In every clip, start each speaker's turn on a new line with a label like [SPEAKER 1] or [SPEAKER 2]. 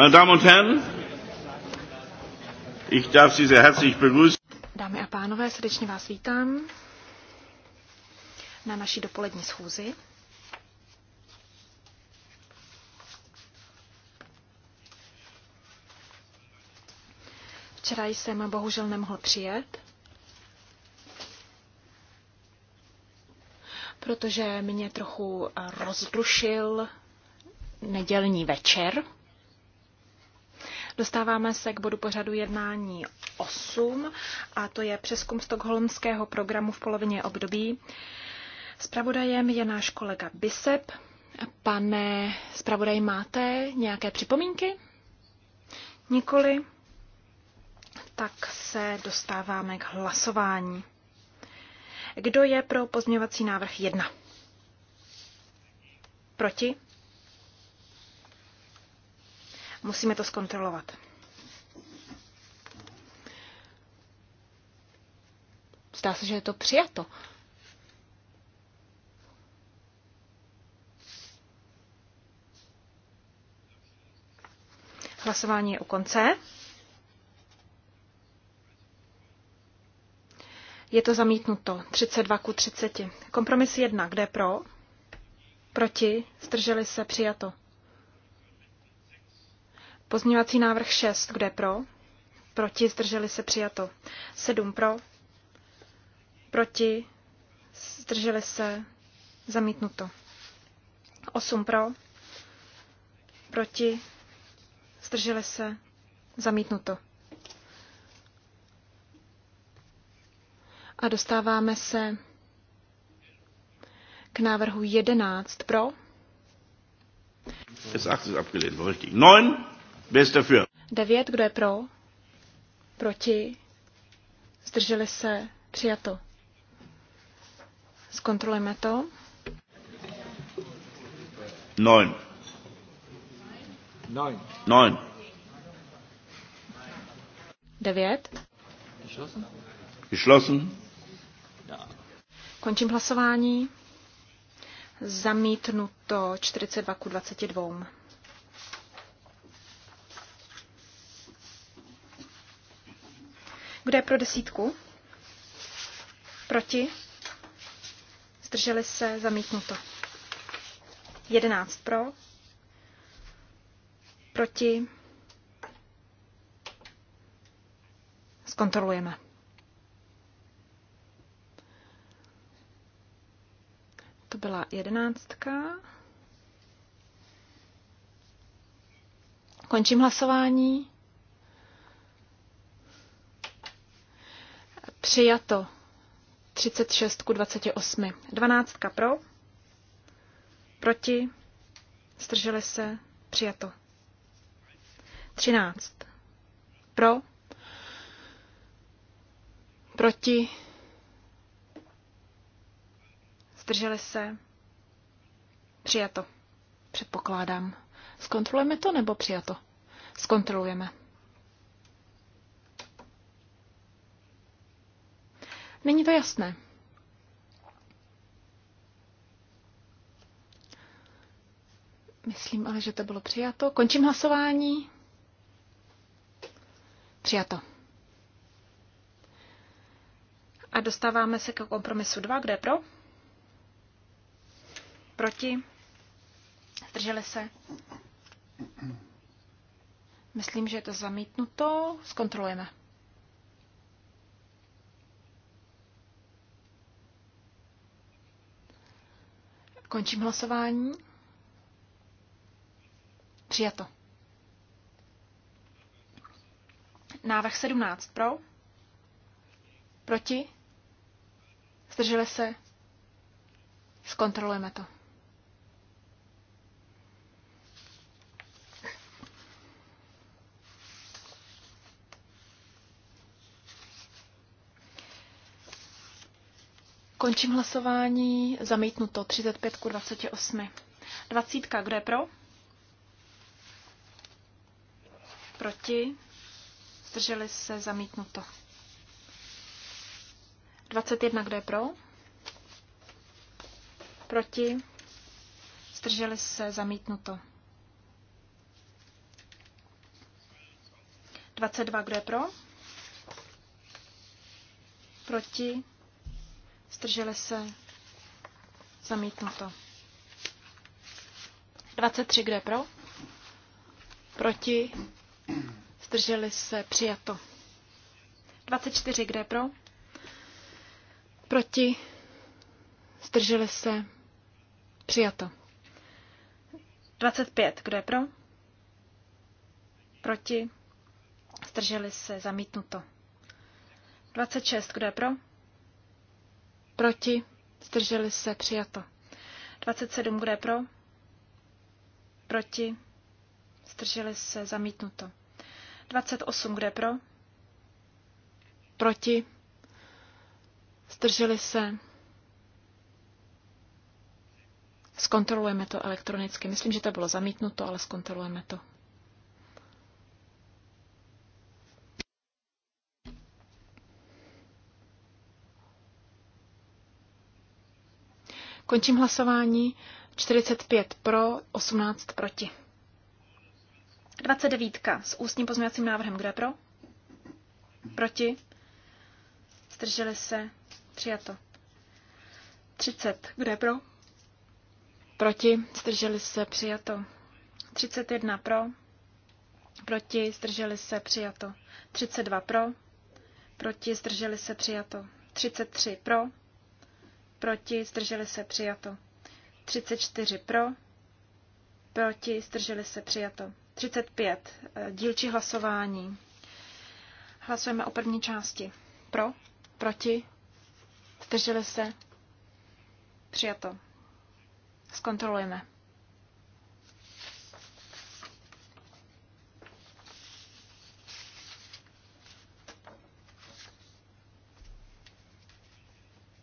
[SPEAKER 1] Meine Damen und Herren, ich darf Sie sehr herzlich begrüßen.
[SPEAKER 2] Dámy a pánové, srdečně vás vítám na naší dopolední schůzi. Včera jsem bohužel nemohl přijet, protože mě trochu rozdušil nedělní večer. Dostáváme se k bodu pořadu jednání 8 a to je přeskum stokholmského programu v polovině období. Spravodajem je náš kolega Bisep. Pane zpravodaj, máte nějaké připomínky? Nikoli? Tak se dostáváme k hlasování. Kdo je pro pozměňovací návrh 1? Proti? Musíme to zkontrolovat. Zdá se, že je to přijato. Hlasování je u konce. Je to zamítnuto. 32 ku 30. Kompromis 1. Kde pro? Proti? Zdrželi se? Přijato. Pozměňovací návrh 6, kde pro? Proti, zdrželi se přijato. 7 pro, proti, zdrželi se zamítnuto. 8 pro, proti, zdrželi se zamítnuto. A dostáváme se k návrhu 11 pro.
[SPEAKER 1] Es 8 ist abgelehnt, richtig. 9 bez dafür.
[SPEAKER 2] Devět, kdo je pro? Proti? Zdrželi se? Přijato. Zkontrolujeme to.
[SPEAKER 1] 9. 9. 9. 9.
[SPEAKER 2] Končím hlasování. Zamítnuto 42 ku 22. Kdo je pro desítku? Proti? Zdrželi se zamítnuto. 11 pro. Proti? Zkontrolujeme. To byla jedenáctka. Končím hlasování. Přijato 36 ku 28. 12 pro, proti, Strželi se, přijato. 13 pro, proti, Strželi se, přijato. Předpokládám. Zkontrolujeme to nebo přijato? Zkontrolujeme. Není to jasné. Myslím ale, že to bylo přijato. Končím hlasování. Přijato. A dostáváme se k kompromisu 2. Kde pro? Proti? Zdrželi se? Myslím, že je to zamítnuto. Zkontrolujeme. Končím hlasování. Přijato. Návrh 17 pro. Proti. Zdrželi se. Zkontrolujeme to. Končím hlasování. Zamítnuto 35 k 28. 20. Kdo je pro? Proti? Zdrželi se zamítnuto. 21. Kdo je pro? Proti? Zdrželi se zamítnuto. 22. Kdo je pro? Proti? Zdrželi se? Zamítnuto. 23, kde je pro? Proti? Zdrželi se? Přijato. 24, kde je pro? Proti? Zdrželi se? Přijato. 25, kdo je pro? Proti? Zdrželi se? Zamítnuto. 26, kdo je pro? Proti? Zdrželi se? Přijato. 27. Kdo je pro? Proti? Zdrželi se? Zamítnuto. 28. Kdo je pro? Proti? Zdrželi se? Zkontrolujeme to elektronicky. Myslím, že to bylo zamítnuto, ale zkontrolujeme to. Končím hlasování. 45 pro, 18 proti. 29 s ústním pozměňovacím návrhem. Kdo je pro? Proti? Zdrželi se? Přijato. 30. Kdo je pro? Proti? Zdrželi se? Přijato. 31 pro. Proti? Zdrželi se? Přijato. 32 pro. Proti? Zdrželi se? Přijato. 33 pro proti, zdrželi se přijato. 34 pro, proti, zdrželi se přijato. 35. Eh, dílčí hlasování. Hlasujeme o první části. Pro, proti, zdrželi se, přijato. Zkontrolujeme.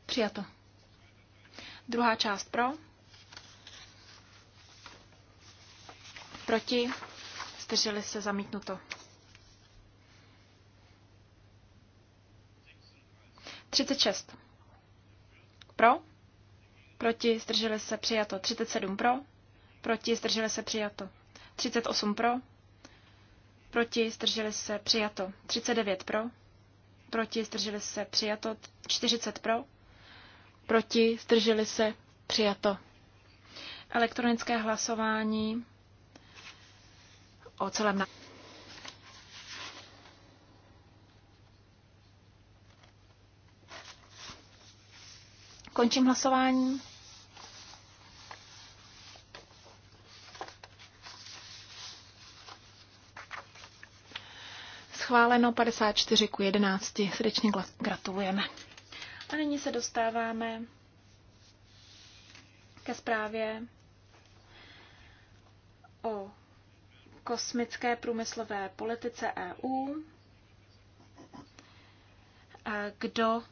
[SPEAKER 2] Přijato. Druhá část pro. Proti. Zdrželi se zamítnuto. 36. Pro. Proti. Zdrželi se přijato. 37 pro. Proti. Zdrželi se přijato. 38 pro. Proti. Zdrželi se přijato. 39 pro. Proti. Zdrželi se přijato. 40 pro proti, zdrželi se, přijato. Elektronické hlasování o celém na... Končím hlasování. Schváleno 54 ku 11. Srdečně gratulujeme. A nyní se dostáváme ke zprávě o kosmické průmyslové politice EU. A kdo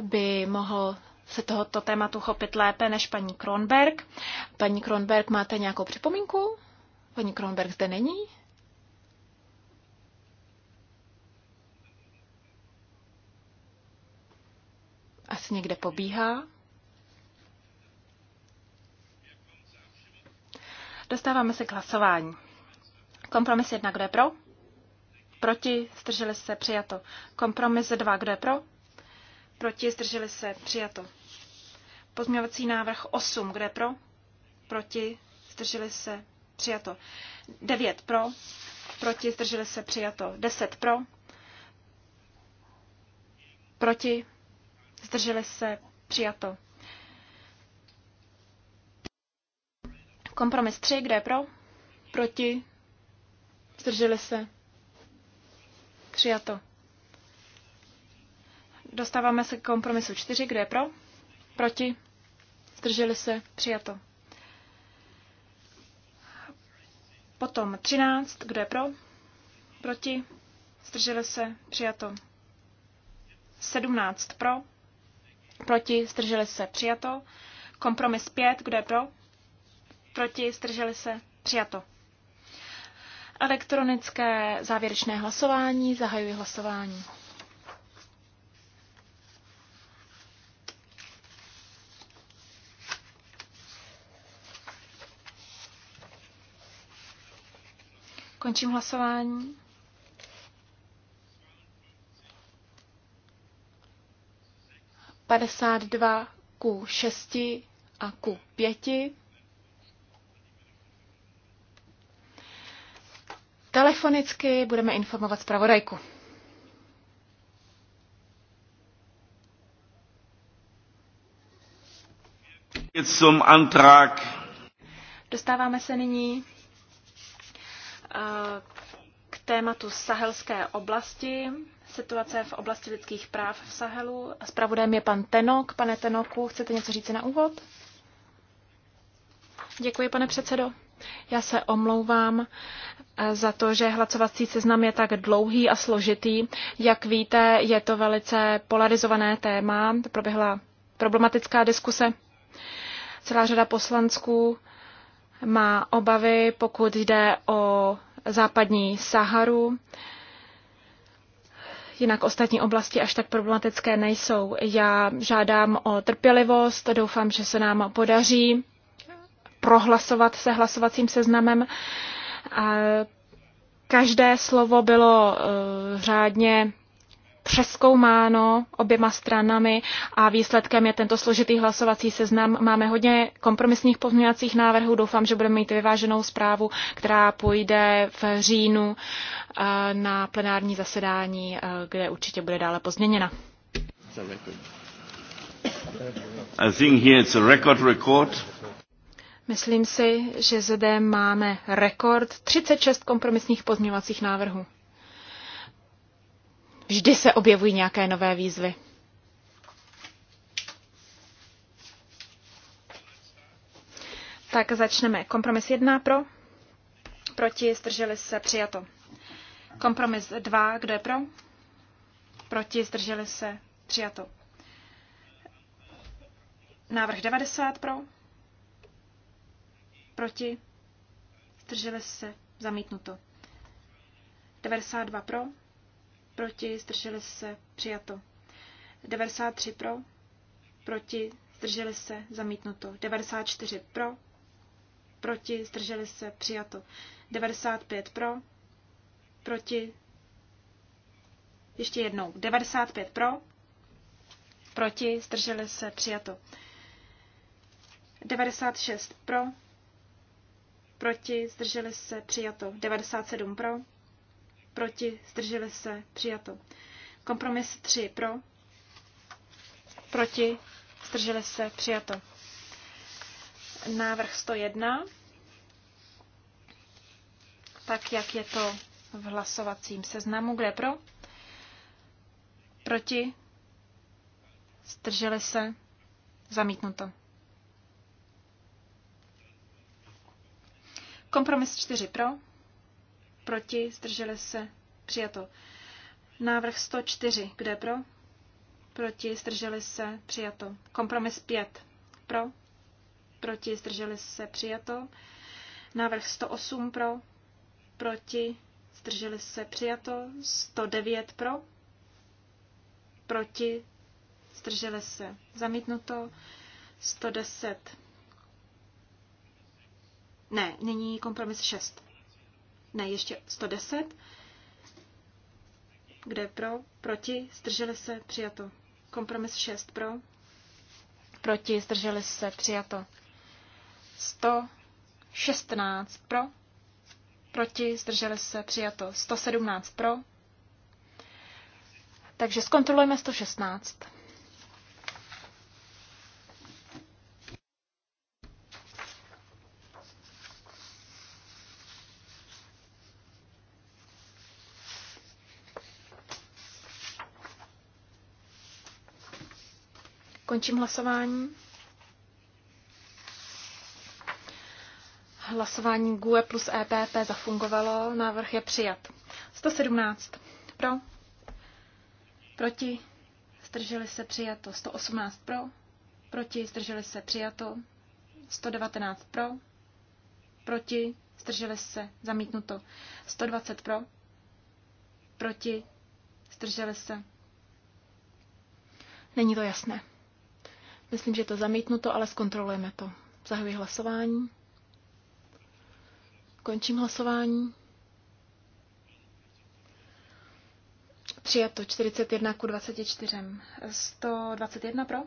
[SPEAKER 2] by mohl se tohoto tématu chopit lépe než paní Kronberg? Paní Kronberg, máte nějakou připomínku? Paní Kronberg zde není? asi někde pobíhá. Dostáváme se k hlasování. Kompromis 1, kdo je pro? Proti, zdrželi se, přijato. Kompromis 2, kdo je pro? Proti, zdrželi se, přijato. Pozměňovací návrh 8, kdo je pro? Proti, zdrželi se, přijato. 9 pro, proti, zdrželi se, přijato. 10 pro, proti, zdrželi se, přijato. Kompromis 3, kde je pro? Proti? Zdrželi se? Přijato. Dostáváme se k kompromisu 4, kde je pro? Proti? Zdrželi se? Přijato. Potom 13, kdo je pro? Proti? Zdrželi se? Přijato. 17 pro? Proti, zdrželi se, přijato. Kompromis 5, kdo je pro? Proti, zdrželi se, přijato. Elektronické závěrečné hlasování, zahajuji hlasování. Končím hlasování. 52 ku 6 a ku 5. Telefonicky budeme informovat zpravodajku. Dostáváme se nyní eh, k tématu sahelské oblasti situace v oblasti lidských práv v Sahelu. Spravodajem je pan Tenok. Pane Tenoku, chcete něco říct na úvod? Děkuji, pane předsedo. Já se omlouvám eh, za to, že hlacovací seznam je tak dlouhý a složitý. Jak víte, je to velice polarizované téma. Proběhla problematická diskuse. Celá řada poslanců má obavy, pokud jde o západní Saharu jinak ostatní oblasti až tak problematické nejsou. Já žádám o trpělivost, doufám, že se nám podaří prohlasovat se hlasovacím seznamem. Každé slovo bylo eh, řádně přeskoumáno oběma stranami a výsledkem je tento složitý hlasovací seznam. Máme hodně kompromisních pozměňovacích návrhů. Doufám, že budeme mít vyváženou zprávu, která půjde v říjnu eh, na plenární zasedání, eh, kde určitě bude dále pozměněna.
[SPEAKER 1] I think here it's a record record.
[SPEAKER 2] Myslím si, že zde máme rekord 36 kompromisních pozměňovacích návrhů vždy se objevují nějaké nové výzvy. Tak začneme. Kompromis 1 pro, proti, zdrželi se, přijato. Kompromis 2, kdo je pro, proti, zdrželi se, přijato. Návrh 90 pro, proti, zdrželi se, zamítnuto. 92 pro, proti, zdrželi se, přijato. 93 pro, proti, zdrželi se, zamítnuto. 94 pro, proti, zdrželi se, přijato. 95 pro, proti, ještě jednou, 95 pro, proti, zdrželi se, přijato. 96 pro, proti, zdrželi se, přijato. 97 pro, proti, zdrželi se, přijato. Kompromis 3 pro, proti, zdrželi se, přijato. Návrh 101, tak jak je to v hlasovacím seznamu, kde pro, proti, zdrželi se, zamítnuto. Kompromis 4 pro, proti, zdrželi se, přijato. Návrh 104, kde pro, proti, zdrželi se, přijato. Kompromis 5, pro, proti, zdrželi se, přijato. Návrh 108 pro, proti, zdrželi se, přijato. 109 pro, proti, zdrželi se, zamítnuto. 110. Ne, nyní kompromis 6. Ne, ještě 110. kde pro? Proti? Zdrželi se? Přijato. Kompromis 6 pro. Proti? Zdrželi se? Přijato. 116 pro. Proti? Zdrželi se? Přijato. 117 pro. Takže zkontrolujeme 116. Končím hlasování. Hlasování GUE plus EPP zafungovalo, návrh je přijat. 117 pro, proti, zdrželi se přijato. 118 pro, proti, zdrželi se přijato. 119 pro, proti, zdrželi se zamítnuto. 120 pro, proti, zdrželi se. Není to jasné. Myslím, že je to zamítnuto, ale zkontrolujeme to. Zahajuji hlasování. Končím hlasování. Přijato 41 ku 24. 121 pro,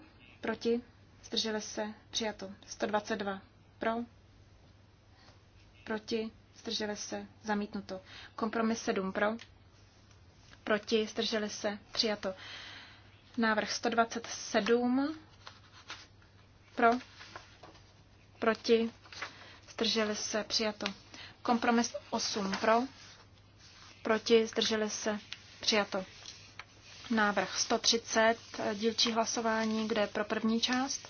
[SPEAKER 2] proti, zdrželi se, přijato. 122 pro, proti, zdrželi se, zamítnuto. Kompromis 7 pro, proti, zdrželi se, přijato. Návrh 127 pro? Proti? Zdrželi se? Přijato. Kompromis 8. Pro? Proti? Zdrželi se? Přijato. Návrh 130, dílčí hlasování, kde je pro první část?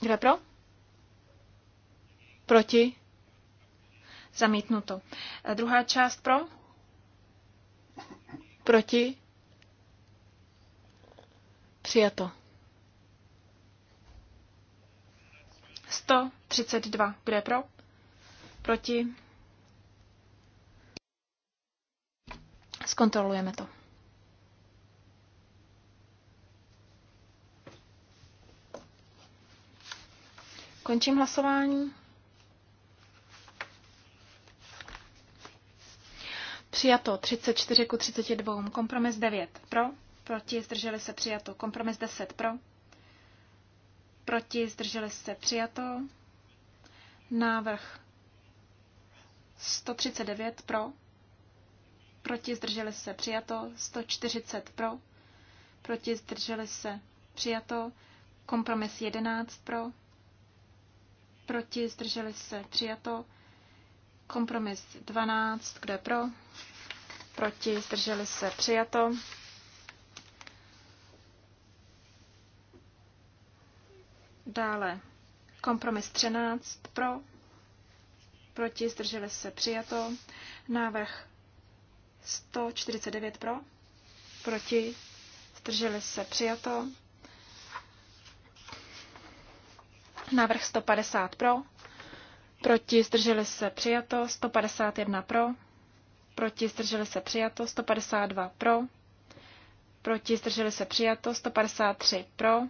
[SPEAKER 2] Kde pro? Proti? Zamítnuto. Druhá část pro? Proti? Přijato. 132. Kdo je pro? Proti? Zkontrolujeme to. Končím hlasování. Přijato 34 ku 32. Kompromis 9. Pro? Proti zdrželi se přijato. Kompromis 10 pro. Proti zdrželi se přijato. Návrh 139 pro. Proti zdrželi se přijato. 140 pro. Proti zdrželi se přijato. Kompromis 11 pro. Proti zdrželi se přijato. Kompromis 12, kdo je pro? Proti zdrželi se přijato. Dále kompromis 13 pro, proti, zdrželi se přijato. Návrh 149 pro, proti, zdrželi se přijato. Návrh 150 pro, proti, zdrželi se přijato. 151 pro, proti, zdrželi se přijato. 152 pro, proti, zdrželi se přijato. 153 pro,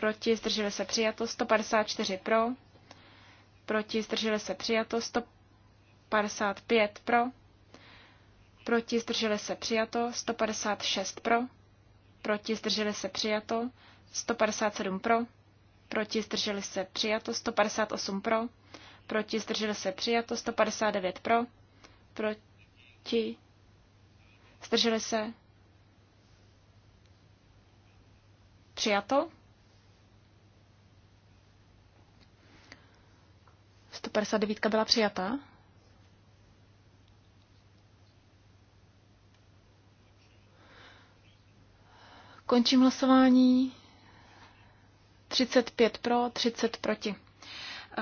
[SPEAKER 2] proti, zdrželi se přijato, 154 pro, proti, zdrželi se přijato, 155 pro, proti, zdrželi se přijato, 156 pro, proti, zdrželi se přijato, 157 pro, proti, zdrželi se přijato, 158 pro, proti, zdrželi se přijato, 159 pro, proti, zdrželi se přijato, 159 byla přijata. Končím hlasování. 35 pro, 30 proti.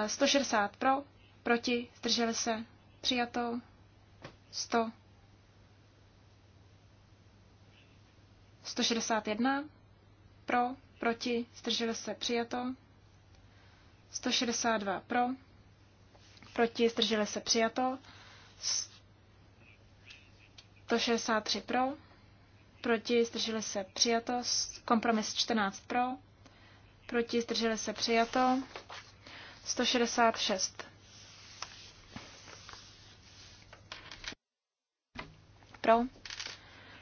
[SPEAKER 2] 160 eh, pro, proti, zdrželi se, přijato, 100. 161 pro, proti, zdrželi se, přijato. 162 pro, proti, zdrželi se přijato. 163 pro, proti, zdrželi se přijato. Kompromis 14 pro, proti, zdrželi se přijato. 166 pro,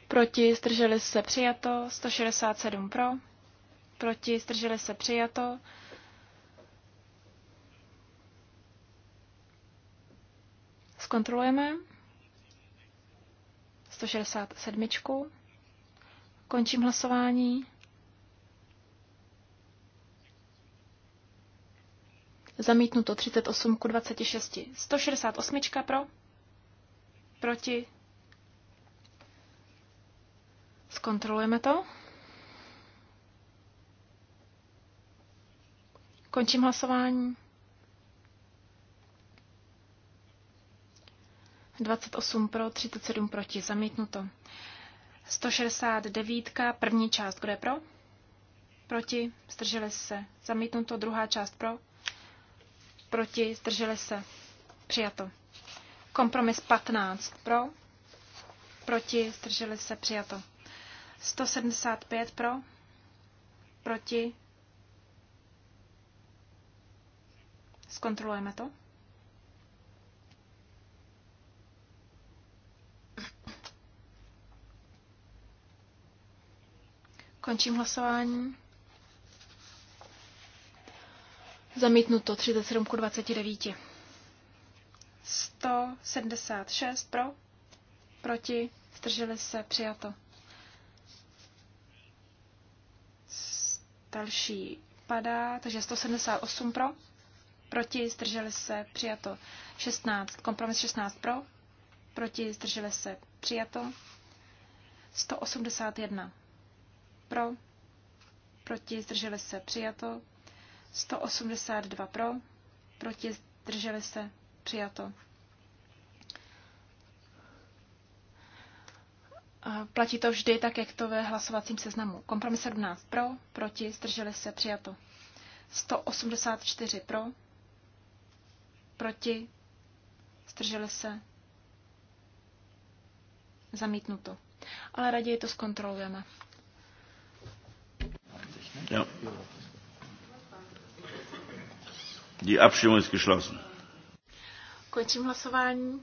[SPEAKER 2] proti, zdrželi se přijato. 167 pro, proti, zdrželi se přijato. Zkontrolujeme. 167. Končím hlasování. Zamítnuto 38 ku 26. 168 pro. Proti. Zkontrolujeme to. Končím hlasování. 28 pro, 37 proti, zamítnuto. 169, první část, kdo je pro? Proti, zdrželi se, zamítnuto, druhá část pro? Proti, zdrželi se, přijato. Kompromis 15 pro, proti, zdrželi se, přijato. 175 pro, proti, zkontrolujeme to. Končím hlasování. Zamítnuto 37 k 29. 176 pro, proti, zdrželi se, přijato. Další padá, takže 178 pro, proti, zdrželi se, přijato. 16, kompromis 16 pro, proti, zdrželi se, přijato. 181 pro, proti, zdrželi se, přijato. 182 pro, proti, zdrželi se, přijato. Platí to vždy tak, jak to ve hlasovacím seznamu. Kompromis 17 pro, proti, zdrželi se, přijato. 184 pro, proti, zdrželi se, zamítnuto. Ale raději to zkontrolujeme. Ja.
[SPEAKER 1] Die Abstimmung ist geschlossen.
[SPEAKER 2] Končím hlasování.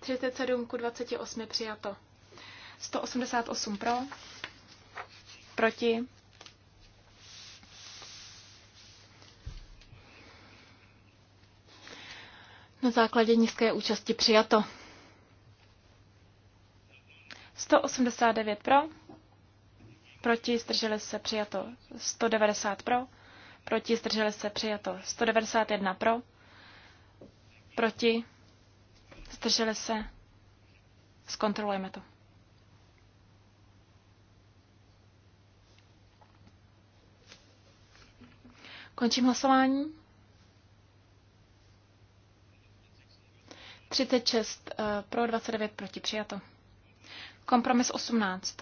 [SPEAKER 2] 37 ku 28 přijato. 188 pro, proti. Na základě nízké účasti přijato. 189 pro, proti, zdrželi se přijato 190 pro, proti, zdrželi se přijato 191 pro, proti, zdrželi se, zkontrolujeme to. Končím hlasování. 36 eh, pro, 29 proti přijato. Kompromis 18.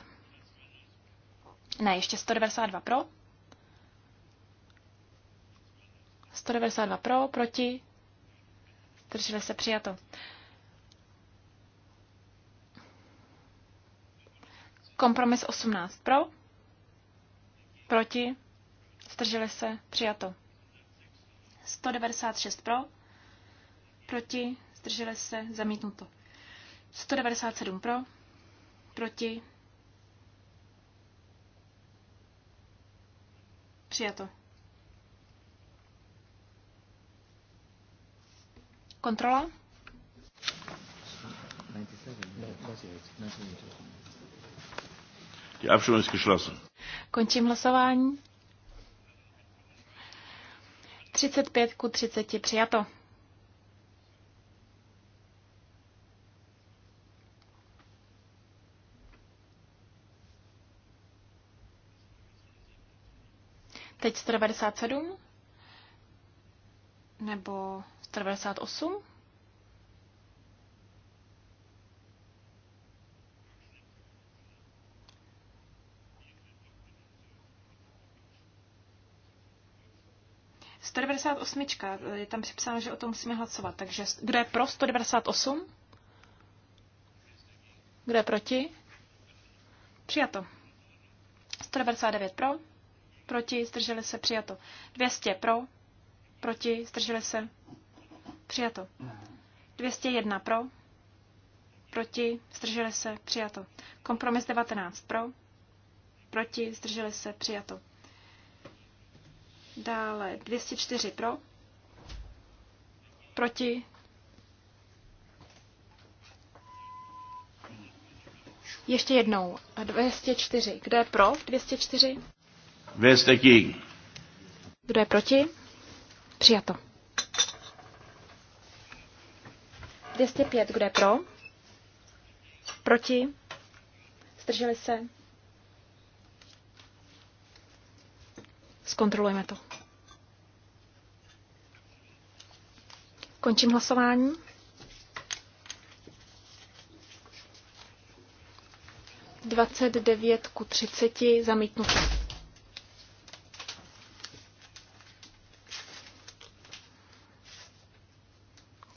[SPEAKER 2] Ne, ještě 192 pro. 192 pro, proti. Zdrželi se přijato. Kompromis 18 pro. Proti. Zdrželi se přijato. 196 pro. Proti. Zdrželi se zamítnuto. 197 pro. Proti. Přijato. Kontrola?
[SPEAKER 1] Die Abstimmung ist geschlossen.
[SPEAKER 2] Končím hlasování. 35 ku 30 přijato. Teď 197? Nebo 198? osmička, je tam připsáno, že o tom musíme hlasovat. Takže kdo je pro 198? Kdo je proti? Přijato. 199 pro proti, zdrželi se, přijato. 200 pro, proti, zdrželi se, přijato. 201 pro, proti, zdrželi se, přijato. Kompromis 19 pro, proti, zdrželi se, přijato. Dále 204 pro, proti, Ještě jednou. 204. Kdo je pro 204?
[SPEAKER 1] Wer ist dagegen?
[SPEAKER 2] Kdo je proti? Přijato. 205. Kdo je pro? Proti? Zdrželi se? Zkontrolujeme to. Končím hlasování. Dvacet devět ku třiceti zamítnutí.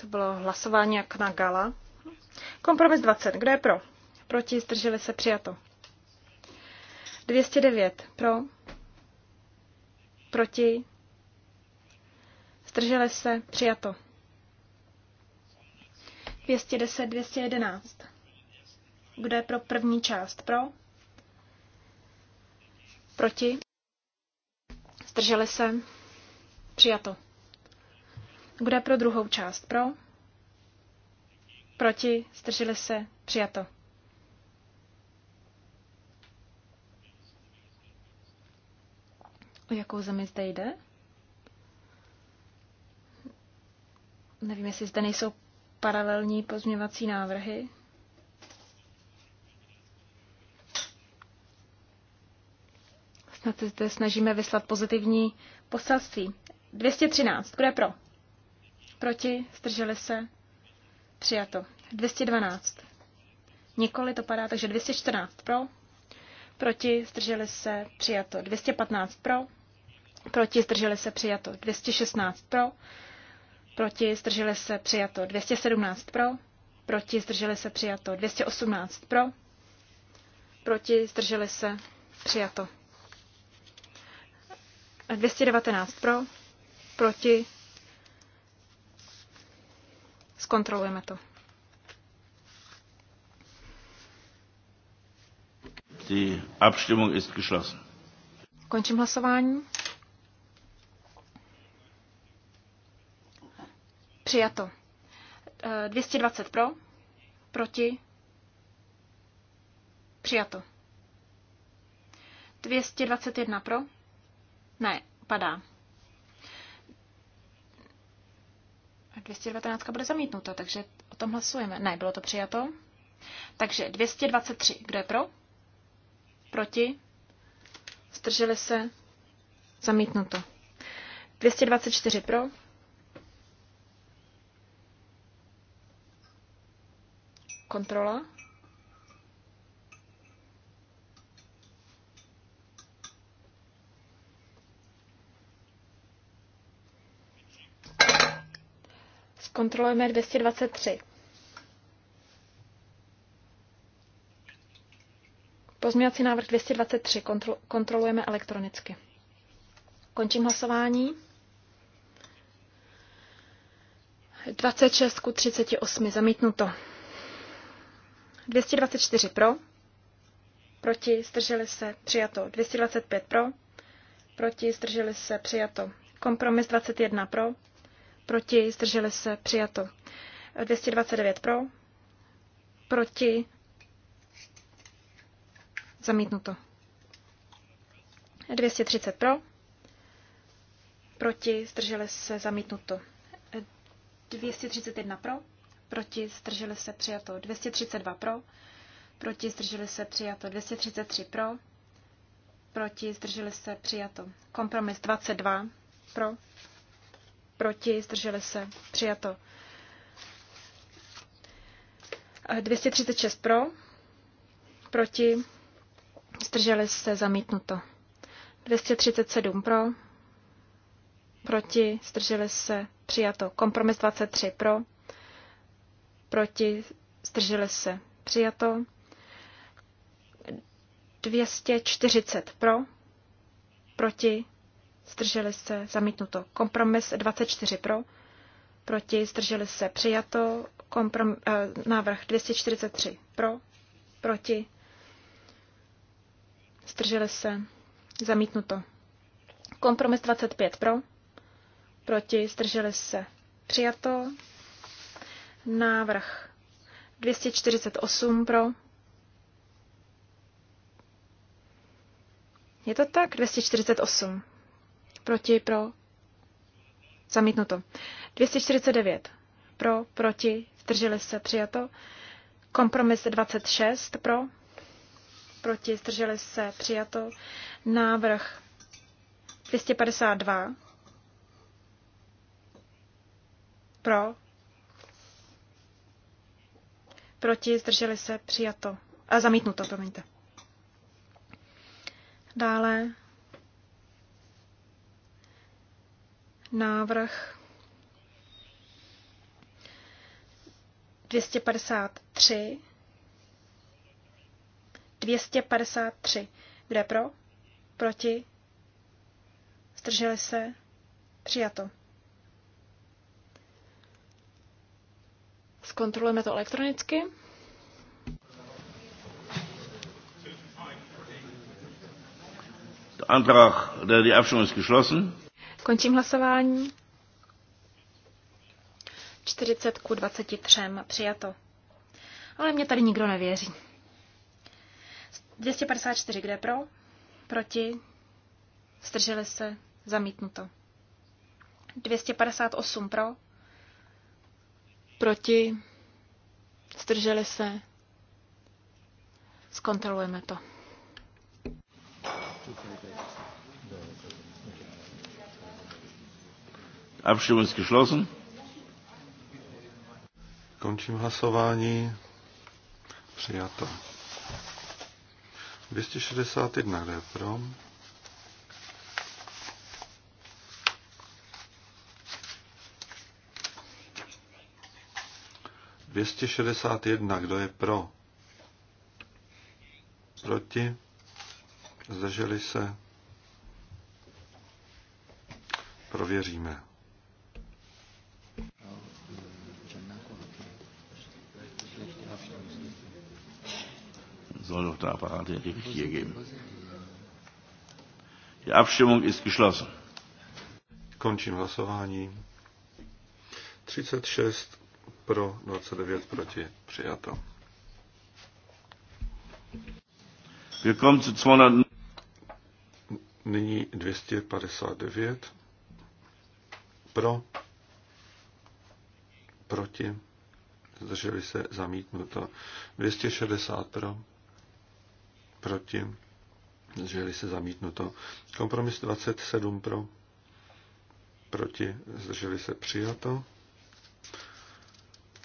[SPEAKER 2] bylo hlasování jak na gala. Kompromis 20. Kdo je pro? Proti, zdrželi se, přijato. 209. Pro? Proti? Zdrželi se, přijato. 210, 211. Kdo je pro první část? Pro? Proti? Zdrželi se? Přijato. Kdo je pro druhou část? Pro? Proti? Zdrželi se? Přijato. O jakou zemi zde jde? Nevím, jestli zde nejsou paralelní pozměvací návrhy. Snad zde snažíme vyslat pozitivní poselství. 213. Kdo je pro? Proti? Zdrželi se? Přijato. 212. Nikoli to padá, takže 214 pro. Proti? Zdrželi se? Přijato. 215 pro. Proti? Zdrželi se? Přijato. 216 pro. Proti? Zdrželi se? Přijato. 217 pro. Proti? Zdrželi se? Přijato. 218 pro. Proti? Zdrželi se? Přijato. 219 pro. Proti? Zkontrolujeme to.
[SPEAKER 1] Die Abstimmung ist geschlossen.
[SPEAKER 2] Končím hlasování. Přijato. Eh, 220 pro, proti, přijato. 221 pro, ne, padá. 219 bude zamítnuta, takže o tom hlasujeme. Ne, bylo to přijato. Takže 223. Kdo je pro? Proti? Zdrželi se? Zamítnuto. 224 pro? Kontrola? kontrolujeme 223. Pozměňovací návrh 223 kontro kontrolujeme elektronicky. Končím hlasování. 26 ku 38 zamítnuto. 224 pro, proti zdrželi se přijato. 225 pro, proti zdrželi se přijato. Kompromis 21 pro, proti, zdrželi se, přijato. 229 pro, proti, zamítnuto. 230 pro, proti, zdrželi se, zamítnuto. 231 pro, proti, zdrželi se, přijato. 232 pro, proti, zdrželi se, přijato. 233 pro, proti, zdrželi se, přijato. Kompromis 22 pro, proti, zdrželi se, přijato. 236 pro, proti, zdrželi se, zamítnuto. 237 pro, proti, zdrželi se, přijato. Kompromis 23 pro, proti, zdrželi se, přijato. 240 pro, proti, zdrželi se, zamítnuto. Kompromis 24 pro, proti, zdrželi se, přijato. Komprom, eh, návrh 243 pro, proti, zdrželi se, zamítnuto. Kompromis 25 pro, proti, zdrželi se, přijato. Návrh 248 pro, Je to tak? 248 proti, pro, zamítnuto. 249 pro, proti, zdrželi se, přijato. Kompromis 26 pro, proti, zdrželi se, přijato. Návrh 252 pro, proti, zdrželi se, přijato. A zamítnuto, promiňte. Dále návrh 253. 253. Kde pro? Proti? Zdrželi se? Přijato. Zkontrolujeme to elektronicky.
[SPEAKER 1] Antrag, der die Abstimmung ist geschlossen.
[SPEAKER 2] Končím hlasování. 40 ku 23 přijato. Ale mě tady nikdo nevěří. 254, kde pro? Proti? Strželi se? Zamítnuto. 258 pro? Proti? Strželi se? Zkontrolujeme to.
[SPEAKER 3] Thank you.
[SPEAKER 1] Abstimmung ist geschlossen. Končím
[SPEAKER 3] hlasování. Přijato. 261, kde je pro? 261 kdo je pro? Proti? Zdrželi se?
[SPEAKER 1] Prověříme. soll doch der Apparat der Richtige geben. Die Abstimmung ist geschlossen. Končím hlasování.
[SPEAKER 3] 36 pro, 29 proti. Přijato. Wir kommen zu 200. Nyní 259 pro, proti, zdrželi se zamítnuto. 260 pro, proti, že se zamítnuto. Kompromis 27 pro, proti, zdrželi se přijato.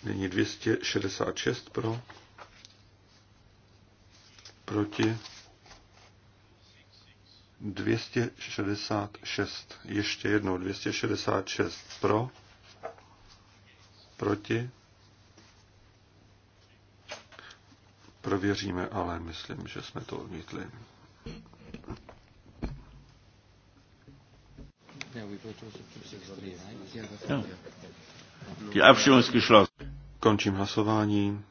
[SPEAKER 3] Nyní 266 pro, proti 266. Ještě jednou 266 pro, proti Prověříme, ale myslím, že jsme to odmítli. Končím hlasování.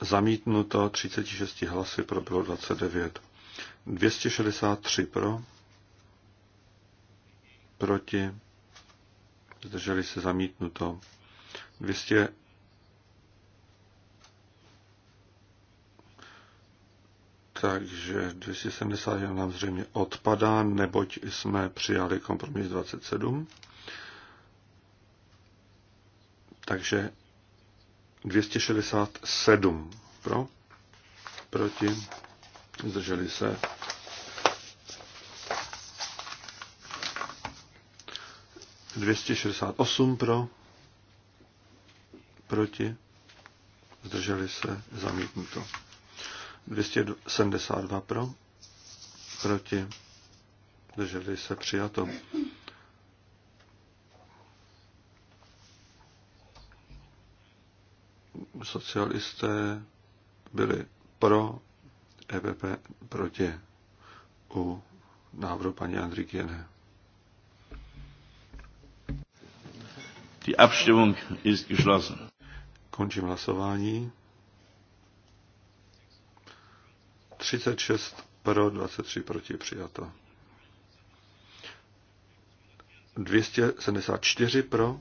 [SPEAKER 3] Zamítnuto 36 hlasy pro bylo 29. 263 pro, proti, zdrželi se zamítnuto. 200 Takže 271 nám zřejmě odpadá, neboť jsme přijali kompromis 27. Takže 267 pro, proti, zdrželi se. Dvěstě šedesát osm pro, proti, zdrželi se, zamítnuto. 272 pro, proti, drželi se přijato. Socialisté byli pro, EPP proti u návrhu paní Andrikiene.
[SPEAKER 1] Die Abstimmung ist geschlossen. Končím hlasování.
[SPEAKER 3] 36 pro, 23 proti přijato. 274 pro.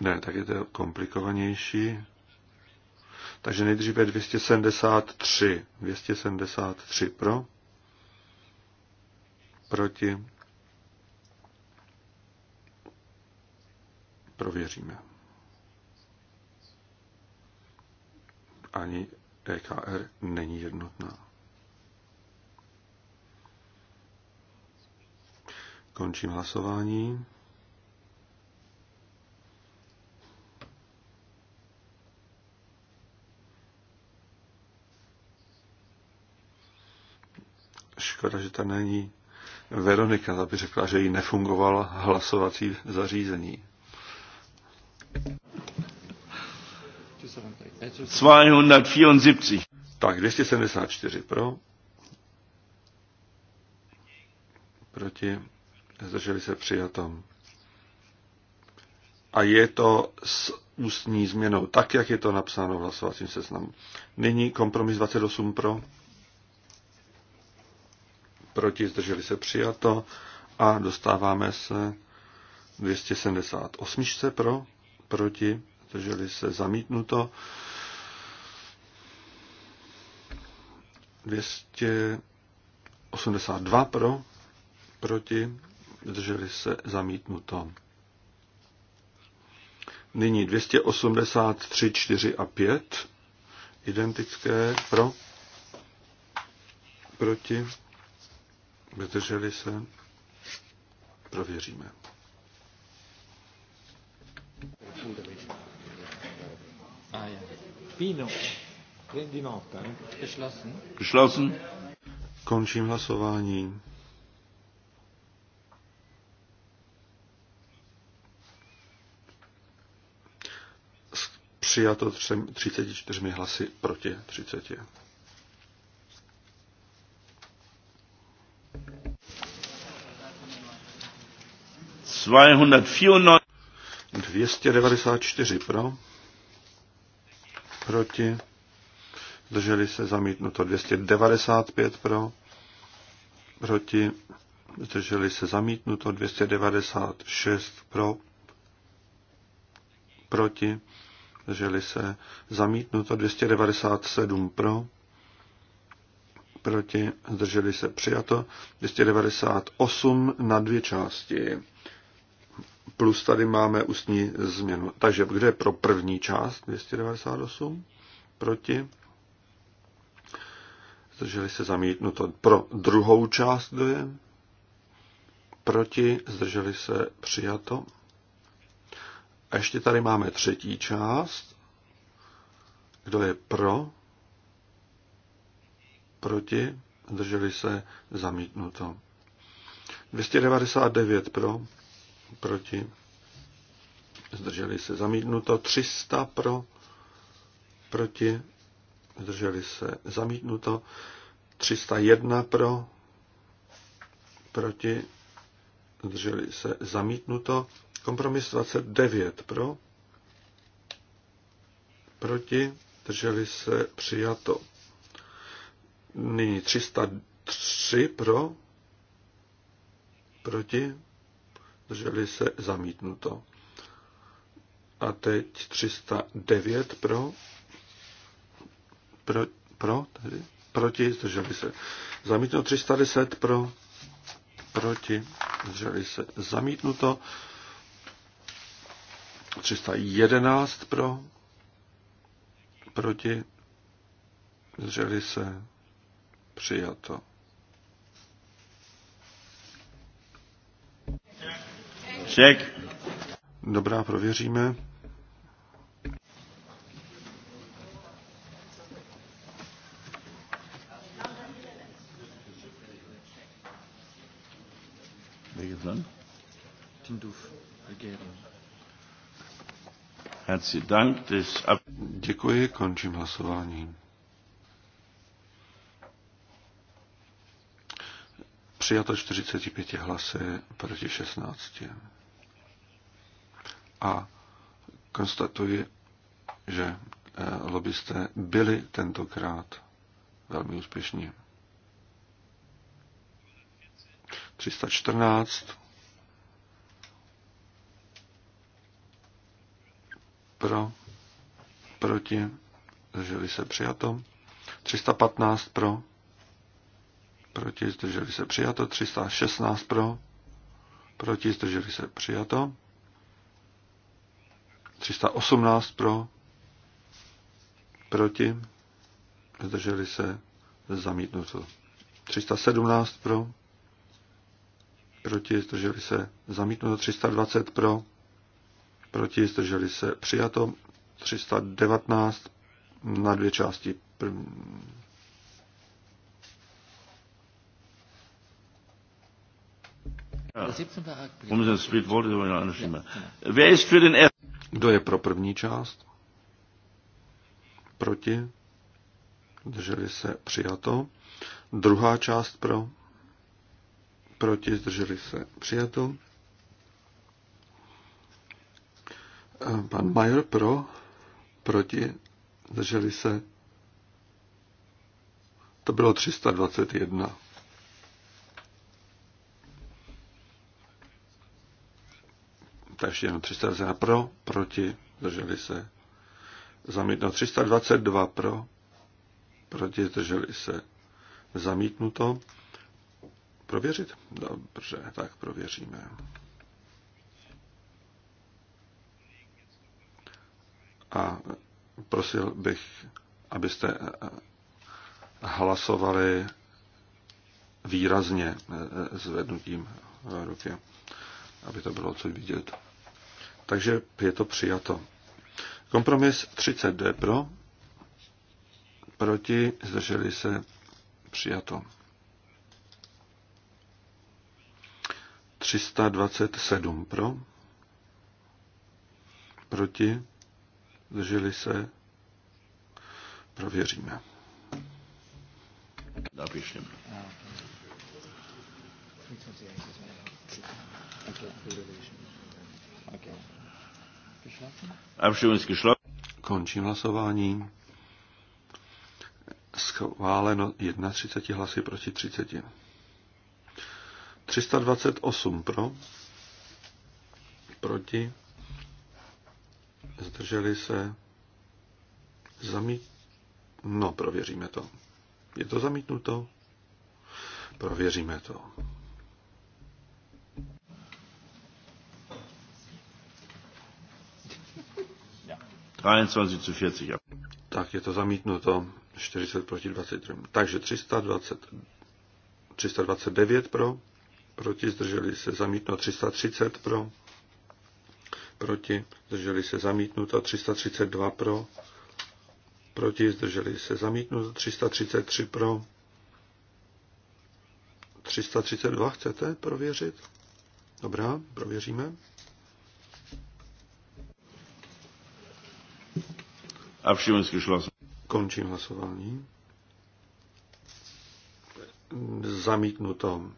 [SPEAKER 3] Ne, tak je to komplikovanější. Takže nejdříve 273. 273 pro. Proti. prověříme. Ani EKR není jednotná. Končím hlasování. Škoda, že to není Veronika, aby řekla, že jí nefungovalo hlasovací zařízení. 274.
[SPEAKER 1] Tak, 274 pro.
[SPEAKER 3] Proti. Zdrželi se přijatom. A je to s ústní změnou, tak jak je to napsáno v hlasovacím seznamu. Nyní kompromis 28 pro. Proti. Zdrželi se přijato. A dostáváme se 278 pro proti, drželi se zamítnuto. 282 pro, proti, drželi se zamítnuto. Nyní 283, 4 a 5, identické pro, proti, vydrželi se, prověříme. Pino, prendi nota. Eh? Geschlossen. Geschlossen. Končím hlasování. Přijato 34 hlasy proti 30. Dvěstě 294 pro proti, zdrželi se zamítnuto 295 pro, proti, zdrželi se zamítnuto 296 pro, proti, zdrželi se zamítnuto 297 pro, proti, zdrželi se přijato 298 na dvě části plus tady máme ústní změnu. Takže kde je pro první část 298? Proti? Zdrželi se zamítnuto. Pro druhou část kdo je? Proti? Zdrželi se přijato. A ještě tady máme třetí část. Kdo je pro? Proti? Zdrželi se zamítnuto. 299 pro proti, zdrželi se zamítnuto, 300 pro, proti, zdrželi se zamítnuto, 301 pro, proti, zdrželi se zamítnuto, kompromis 29 pro, proti, zdrželi se přijato. Nyní 303 pro, proti, zdrželi se zamítnuto. A teď 309 pro, pro, pro tedy, proti, zdrželi se. Zamítnuto 310 pro, proti, zdrželi se. Zamítnuto 311 pro, proti, zdrželi se. Přijato. Check. Dobrá, prověříme. Welches Land? Tinduf, Bulgarien.
[SPEAKER 1] Herzlichen Dank. Ab Děkuji, končím hlasování.
[SPEAKER 3] Přijato 45 hlasy proti 16 a konstatuji, že eh, lobbysté byli tentokrát velmi úspěšní. 314 pro, proti, zdrželi se přijato. 315 pro, proti, zdrželi se přijato. 316 pro, proti, zdrželi se přijato. 318 pro, proti, zdrželi se, zamítnuto. 317 pro, proti, zdrželi se, zamítnuto. 320 pro, proti, zdrželi se, přijato. 319 na dvě části.
[SPEAKER 1] Ja. Um den Split wollte man eine Ja. Wer ist für den kdo je pro první část? Proti?
[SPEAKER 3] Zdrželi se přijato. Druhá část pro? Proti? Zdrželi se přijato. Pan Major pro? Proti? Zdrželi se. To bylo 321. takže jenom 321 pro, proti, drželi se. Zamítno 322 pro, proti, drželi se. Zamítnuto. Prověřit? Dobře, tak prověříme. A prosil bych, abyste eh, eh, hlasovali výrazně eh, zvednutím ruky aby to bylo co vidět. Takže je to přijato. Kompromis 30D pro, proti, zdrželi se, přijato. 327 pro, proti, zdrželi se, prověříme. Napíšeme. you.
[SPEAKER 1] Končím hlasování.
[SPEAKER 3] Schváleno 31 hlasy proti 30. 328 pro, proti, zdrželi se, zamít, no prověříme to. Je to zamítnuto? Prověříme to. 23 zu 40. Tak je to zamítnuto. 40 proti 23. Takže 320, 329 pro, proti zdrželi se zamítnuto 330 pro, proti zdrželi se zamítnuto 332 pro, proti zdrželi se zamítnuto 333 pro, 332 chcete prověřit? Dobrá, prověříme. A Abstimmungsgeschlossen. Končím hlasování. Zamítnuto.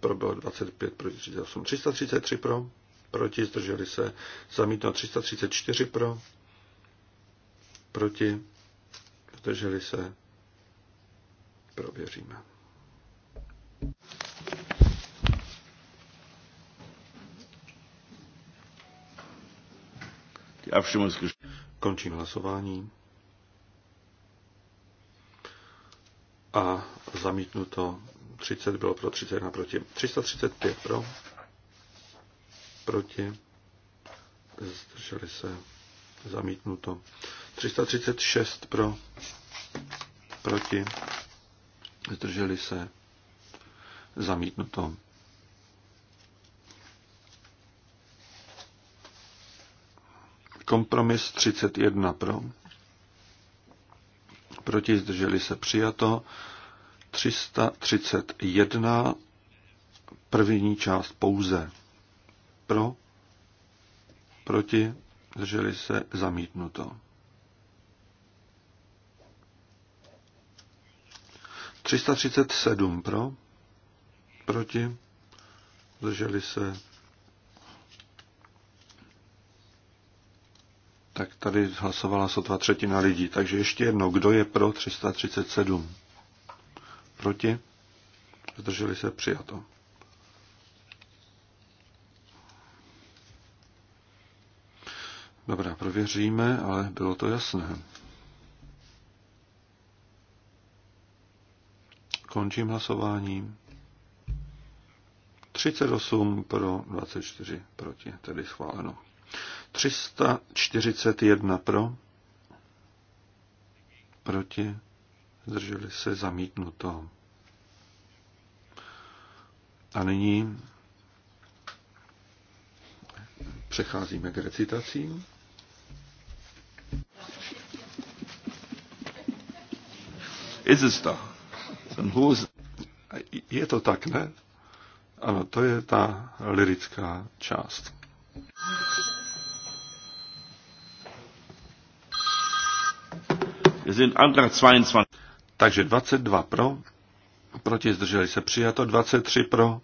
[SPEAKER 3] Pro bylo 25, proti 38. 333 pro, proti zdrželi se. Zamítnuto 334 pro, proti zdrželi se. Prověříme.
[SPEAKER 1] A Abstimmung ist Končím hlasování.
[SPEAKER 3] A zamítnuto 30 bylo pro 31 proti. 335 pro. Proti. Zdrželi se. Zamítnuto. 336 pro. Proti. Zdrželi se. Zamítnuto. Kompromis 31 pro. Proti zdrželi se přijato. 331 první část pouze. Pro. Proti zdrželi se zamítnuto. 337 pro. Proti zdrželi se tak tady hlasovala sotva třetina lidí. Takže ještě jedno, kdo je pro 337? Proti? Zdrželi se přijato. Dobrá, prověříme, ale bylo to jasné. Končím hlasování. 38 pro, 24 proti, tedy schváleno. 341 pro, proti, zdrželi se zamítnuto. A nyní přecházíme k recitacím. Je to tak, ne? Ano, to
[SPEAKER 1] je ta lirická část. sind Antrag 22.
[SPEAKER 3] Takže 22 pro, proti zdrželi se přijato, 23 pro,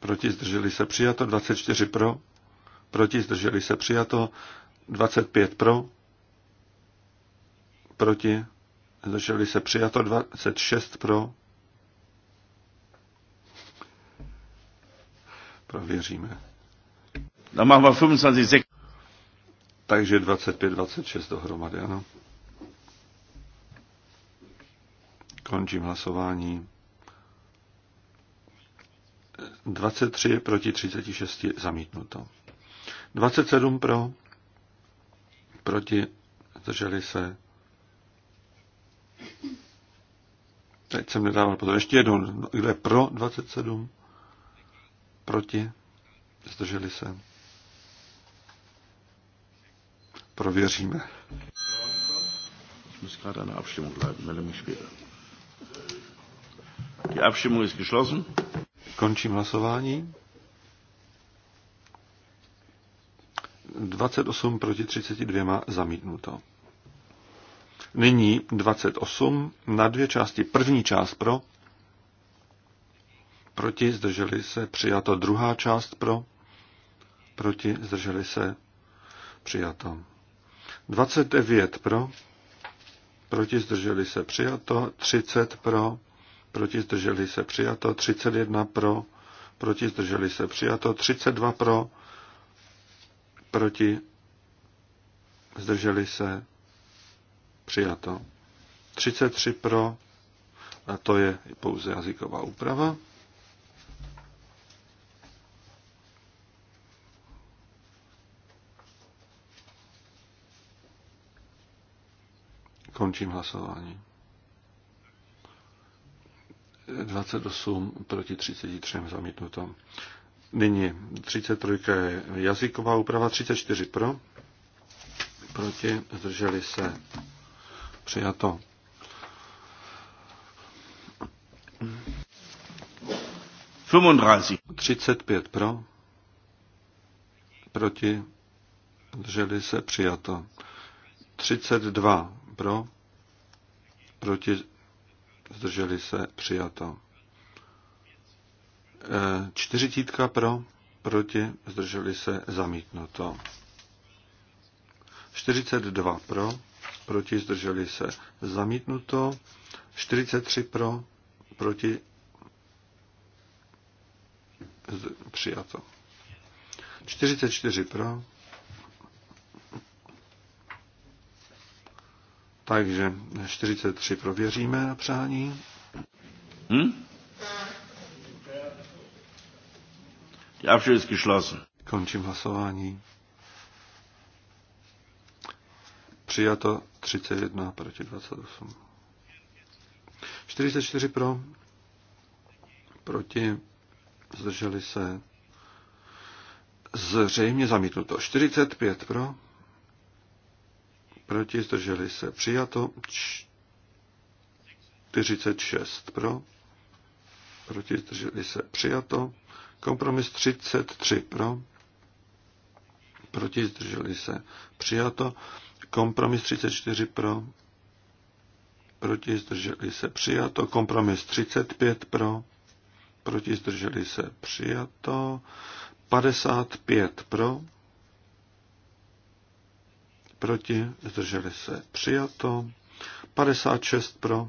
[SPEAKER 3] proti zdrželi se přijato, 24 pro, proti zdrželi se přijato, 25 pro, proti zdrželi se přijato, 26 pro. Prověříme. Takže 25, 26 dohromady, ano. Končím hlasování. 23 proti 36 zamítnuto. 27 pro, proti, zdrželi se. Teď jsem nedával pozor. Ještě jednou, kdo je pro 27, proti, zdrželi se. Prověříme. Ich muss gerade eine Abstimmung leiten, melde Die Abstimmung ist geschlossen. Končím hlasování. 28 proti 32 zamítnuto. Nyní 28 na dvě části. První část pro, proti zdrželi se přijato. Druhá část pro, proti zdrželi se přijato. 29 pro, proti zdrželi se přijato. 30 pro, proti zdrželi se přijato, 31 pro, proti zdrželi se přijato, 32 pro, proti zdrželi se přijato, 33 pro, a to je pouze jazyková úprava. Končím hlasování. 28 proti 33 zamítnuto. Nyní 33 je jazyková úprava, 34 pro, proti, zdrželi se, přijato. Fumundrazi. 35 pro, proti, zdrželi se, přijato. 32 pro, proti, zdrželi se, přijato. E, čtyři títka pro, proti, zdrželi se, zamítnuto. 42 pro, proti, zdrželi se, zamítnuto. 43 pro, proti, přijato. 44 pro, Takže 43 prověříme na přání.
[SPEAKER 1] Hm? Já Abstimmung ist Končím hlasování.
[SPEAKER 3] Přijato 31 proti 28. 44 pro, proti, zdrželi se, zřejmě zamítnuto. 45 pro, proti, zdrželi se. Přijato 46 pro, proti, zdrželi se. Přijato. Kompromis 33 pro, proti, zdrželi se. Přijato. Kompromis 34 pro, proti, zdrželi se. Přijato. Kompromis 35 pro, proti, zdrželi se. Přijato. 55 pro, proti, zdrželi se přijato, 56 pro,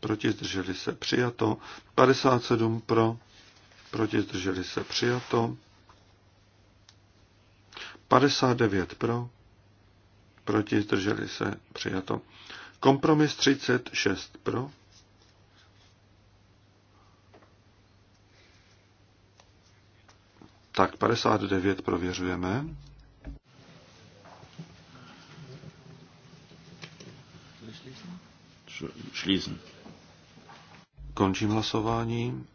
[SPEAKER 3] proti, zdrželi se přijato, 57 pro, proti, zdrželi se přijato, 59 pro, proti, zdrželi se přijato. Kompromis 36 pro, Tak 59 prověřujeme. schließen. Končím hlasování.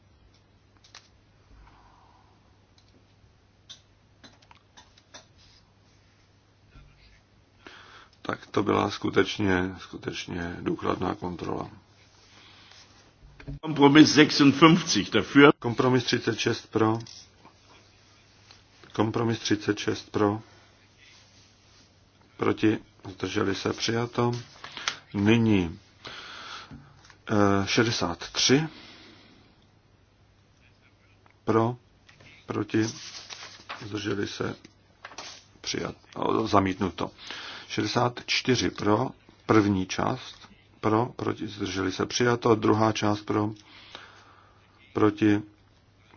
[SPEAKER 3] Tak to byla skutečně, skutečně důkladná kontrola. Kompromis 56 dafür. Kompromis 36 pro. Kompromis 36 pro. Proti. Zdrželi se přijato. Nyní 63 pro, proti, zdrželi se, přijat, zamítnuto. 64 pro, první část, pro, proti, zdrželi se, přijato, druhá část pro, proti,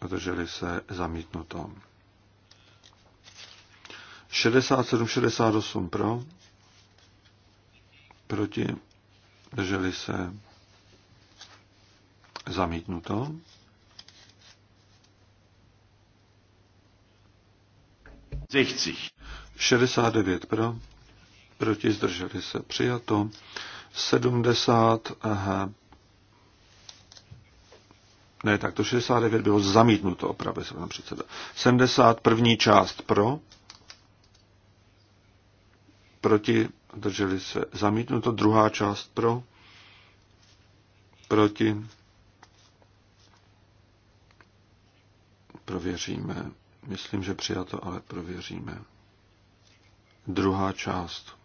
[SPEAKER 3] zdrželi se, zamítnuto. 67, 68 pro, proti, zdrželi se, Zamítnuto. Sechzig. 69 pro, proti zdrželi se přijato, 70, aha. ne, tak to 69 bylo zamítnuto, opravdu se pan předseda. 70 první část pro, proti zdrželi se zamítnuto, druhá část pro, proti prověříme. Myslím, že přijato, ale prověříme. Druhá část.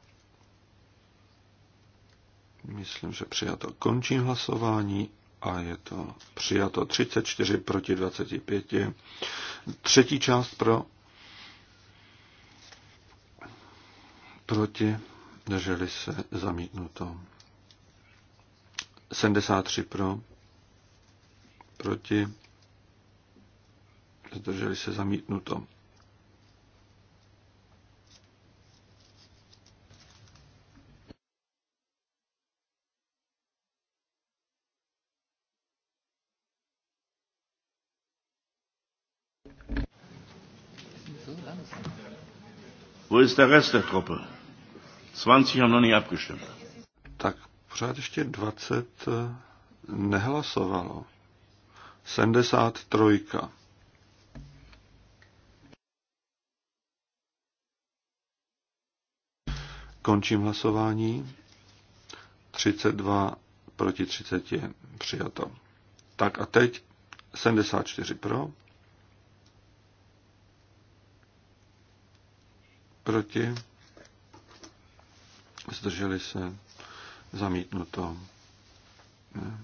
[SPEAKER 3] Myslím, že přijato. Končím hlasování a je to přijato 34 proti 25. Třetí část pro proti, drželi se zamítnuto. 73 pro, proti, zdrželi se zamítnuto.
[SPEAKER 1] Wo ist der Rest der Truppe? 20 haben noch nicht abgestimmt. Tak pořád ještě 20 eh,
[SPEAKER 3] nehlasovalo. 73. Končím hlasování. 32 proti 30 přijato. Tak a teď 74 pro. Proti. Zdrželi se. Zamítnuto. Ne.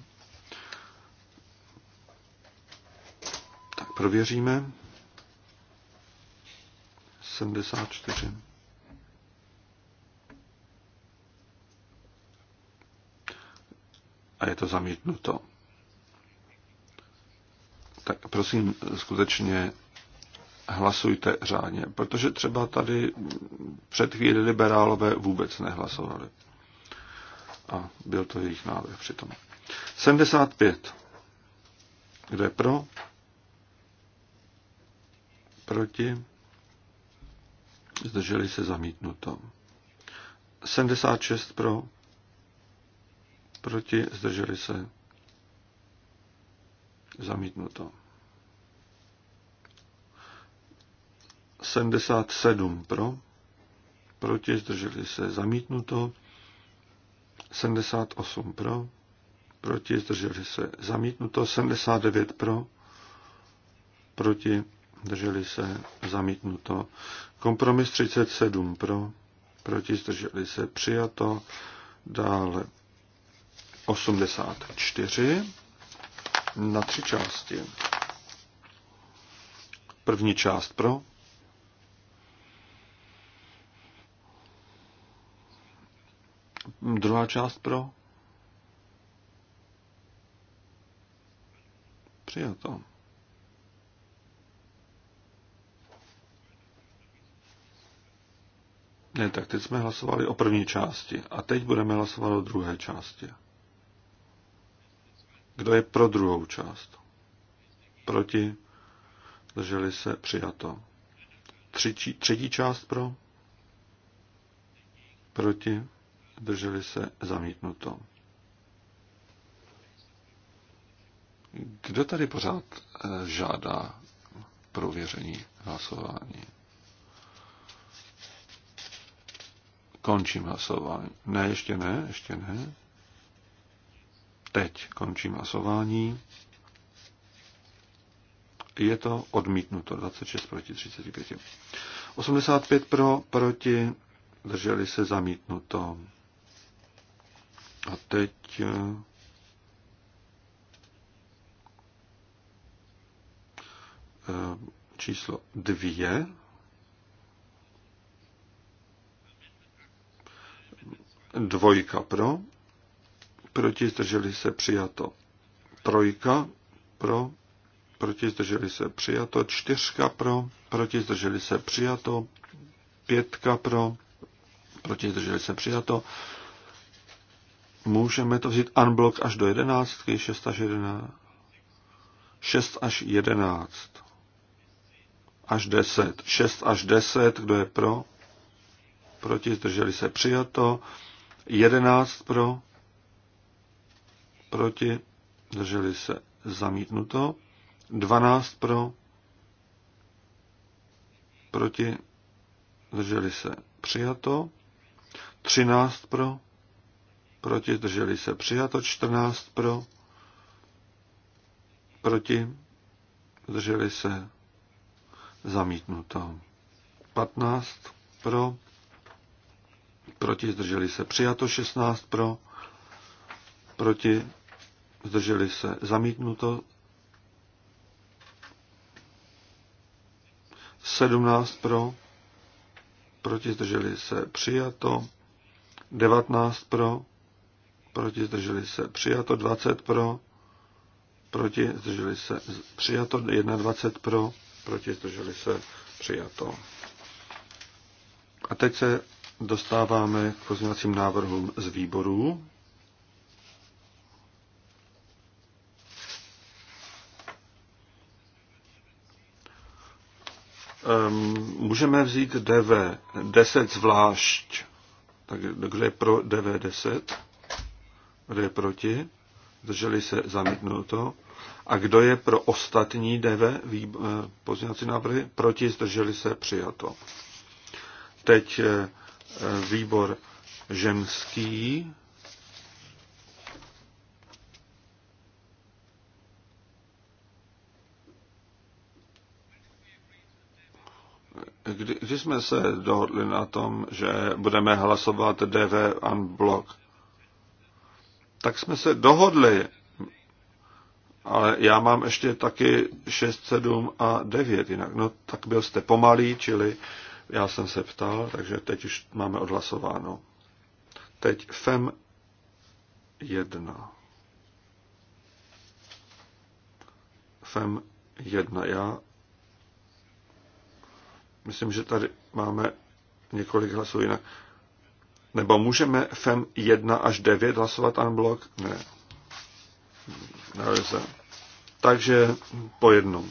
[SPEAKER 3] Tak prověříme. 74. a je to zamítnuto. Tak prosím, skutečně hlasujte řádně, protože třeba tady před chvíli liberálové vůbec nehlasovali. A byl to jejich návrh přitom. 75. Kdo je pro? Proti? Zdrželi se zamítnuto. 76 pro, proti, zdrželi se, zamítnuto. 77 pro, proti, zdrželi se, zamítnuto. 78 pro, proti, zdrželi se, zamítnuto. 79 pro, proti, zdrželi se, zamítnuto. Kompromis 37 pro, proti, zdrželi se, přijato. Dále 84 na tři části. První část pro, druhá část pro, přijato. Ne, tak teď jsme hlasovali o první části a teď budeme hlasovat o druhé části. Kdo je pro druhou část? Proti? Drželi se? Přijato. Třetí, třetí část pro? Proti? Drželi se? Zamítnuto. Kdo tady pořád eh, žádá prověření hlasování? Končím hlasování. Ne, ještě ne, ještě ne. Teď končím hlasování. Je to odmítnuto 26 proti 35. 85 pro, proti, drželi se zamítnuto. A teď eh, číslo dvě. Dvojka pro, proti, zdrželi se, přijato. Trojka pro, proti, zdrželi se, přijato. Čtyřka pro, proti, zdrželi se, přijato. Pětka pro, proti, zdrželi se, přijato. Můžeme to vzít unblock až do jedenáctky, šest až jedenáct. šest až jedenáct Až 10. 6 až 10, kdo je pro? Proti, zdrželi se, přijato. 11 pro, proti, drželi se zamítnuto, 12 pro, proti, drželi se přijato, 13 pro, proti, drželi se přijato, 14 pro, proti, drželi se zamítnuto, 15 pro, proti, zdrželi se přijato, 16 pro, proti, zdrželi se, zamítnuto. 17 pro, proti zdrželi se, přijato. 19 pro, proti zdrželi se, přijato. 20 pro, proti zdrželi se, přijato. 21 pro, proti zdrželi se, přijato. A teď se dostáváme k pozměňovacím návrhům z výborů. můžeme vzít DV10 zvlášť. Tak kdo je pro DV10? Kdo je proti? Drželi se zamítnuto. A kdo je pro ostatní DV eh, pozměňovací návrhy? Proti zdrželi se přijato. Teď eh, eh, výbor Žemský vždy jsme se dohodli na tom, že budeme hlasovat DV unblock. Tak jsme se dohodli, ale já mám ještě taky 6, 7 a 9 jinak. No tak byl jste pomalý, čili já jsem se ptal, takže teď už máme odhlasováno. Teď FEM 1. FEM 1 já Myslím, že tady máme několik hlasů jinak. Nebo můžeme FEM 1 až 9 hlasovat unblock? Ne.
[SPEAKER 1] Nelze. Takže po jednom.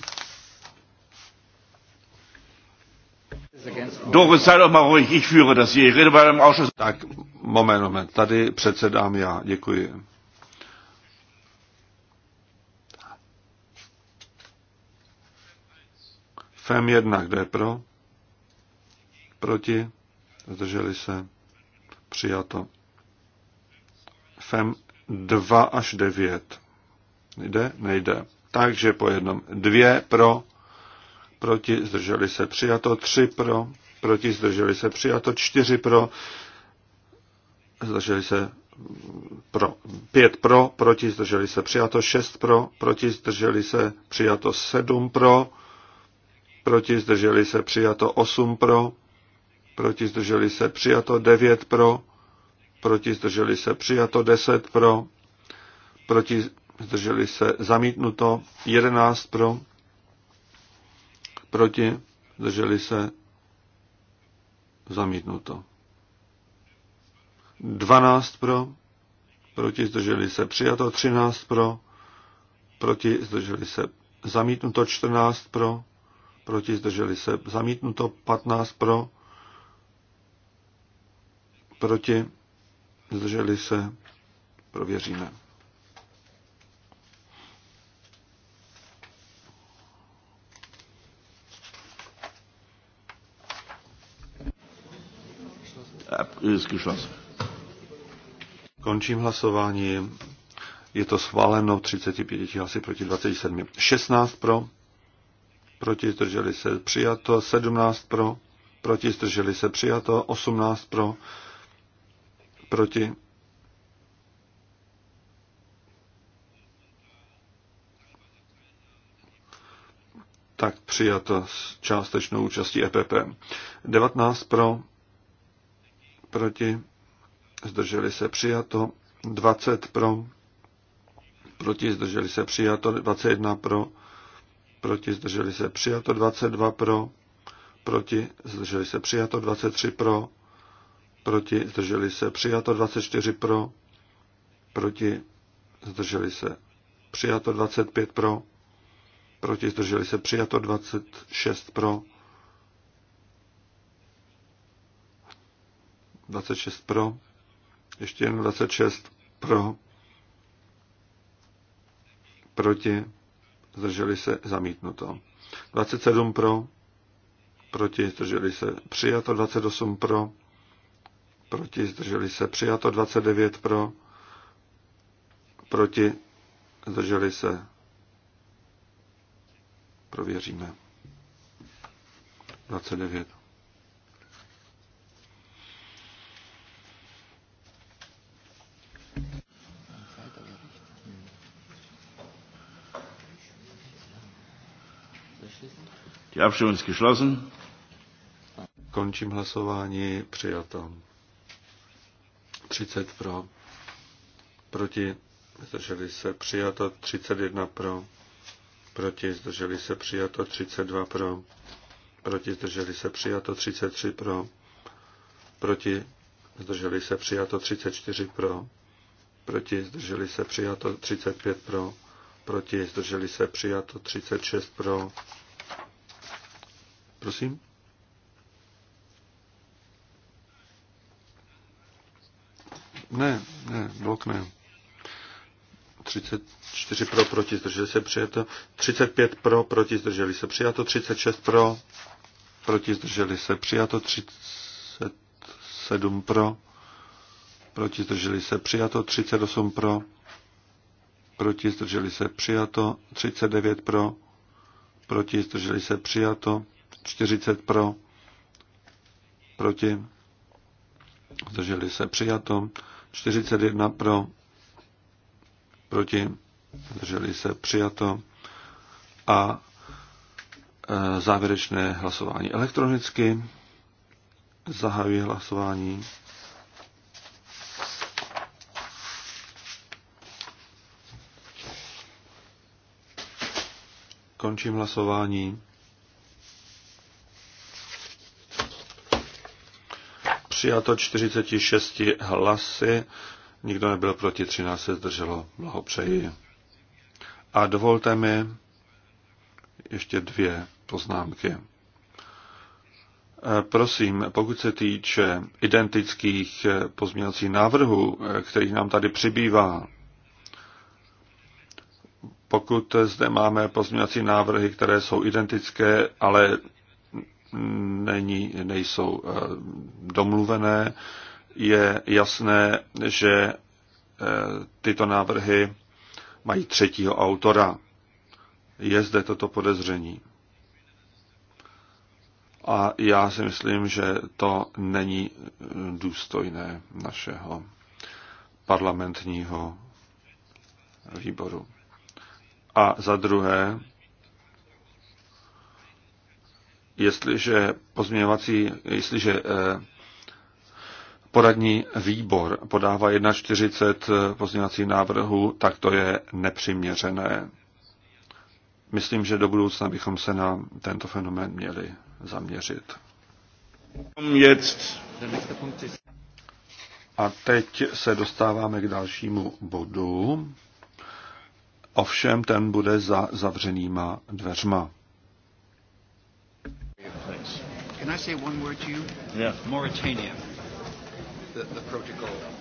[SPEAKER 3] Tak, moment, moment. Tady předsedám já. Děkuji. FEM 1, kdo je pro? proti, zdrželi se, přijato. FEM 2 až 9. Jde? Nejde. Takže po jednom. Dvě pro, proti, zdrželi se, přijato. Tři pro, proti, zdrželi se, přijato. Čtyři pro, zdrželi se, pro. Pět pro, proti, zdrželi se, přijato. Šest pro, proti, zdrželi se, přijato. Sedm pro, proti, zdrželi se, přijato. Osm pro, proti zdrželi se přijato, 9 pro, proti zdrželi se přijato, 10 pro, proti zdrželi se zamítnuto, 11 pro, proti zdrželi se zamítnuto. 12 pro, proti zdrželi se přijato, 13 pro, proti zdrželi se zamítnuto, 14 pro, proti zdrželi se zamítnuto, 15 pro, proti, zdrželi se, prověříme. Končím hlasování. Je to schváleno 35 hlasy proti 27. 16 pro, proti zdrželi se přijato, 17 pro, proti zdrželi se přijato, 18 pro, Proti? Tak přijato s částečnou účastí EPP. 19 pro, proti, zdrželi se přijato, 20 pro, proti, zdrželi se přijato, 21 pro, proti, zdrželi se přijato, 22 pro, proti, zdrželi se přijato, 23 pro, proti, zdrželi se, přijato 24 pro, proti, zdrželi se, přijato 25 pro, proti, zdrželi se, přijato 26 pro, 26 pro, ještě jen 26 pro, proti, zdrželi se, zamítnuto. 27 pro, proti, zdrželi se, přijato 28 pro, proti, zdrželi se přijato 29 pro, proti, zdrželi se, prověříme, 29. Die Abstimmung ist geschlossen. Končím hlasování přijatom. 30 pro, proti, zdrželi se přijato 31 pro, proti, zdrželi se přijato 32 pro, proti, zdrželi se přijato 33 pro, proti, zdrželi se přijato 34 pro, proti, zdrželi se přijato 35 pro, proti, zdrželi se přijato 36 pro. Prosím? Ne, ne, blok ne. 34 pro, proti, zdrželi se, přijato. 35 pro, proti, zdrželi se, přijato. 36 pro, proti, zdrželi se, přijato. 37 pro, proti, zdrželi se, přijato. 38 pro, proti, zdrželi se, přijato. 39 pro, proti, zdrželi se, přijato. 40 pro, proti, zdrželi se, přijato. 41 pro, proti, drželi se přijato a e, závěrečné hlasování elektronicky. Zahajuji hlasování. Končím hlasování. přijato 46 hlasy, nikdo nebyl proti, 13 se zdrželo. Blahopřeji. A dovolte mi ještě dvě poznámky. Eh, prosím, pokud se týče identických eh, pozměňovacích návrhů, eh, kterých nám tady přibývá, pokud zde máme pozměňovací návrhy, které jsou identické, ale není, nejsou eh, domluvené. Je jasné, že eh, tyto návrhy mají třetího autora. Je zde toto podezření. A já si myslím, že to není eh, důstojné našeho parlamentního výboru. A za druhé, jestliže pozměňovací, jestliže eh, poradní výbor podává 41 eh, pozměňovacích návrhů, tak to je nepřiměřené. Myslím, že do budoucna bychom se na tento fenomén měli zaměřit. A teď se dostáváme k dalšímu bodu. Ovšem ten bude za zavřenýma dveřma.
[SPEAKER 1] Can I say one word to you? Yeah. Mauritania,
[SPEAKER 3] the, the protocol.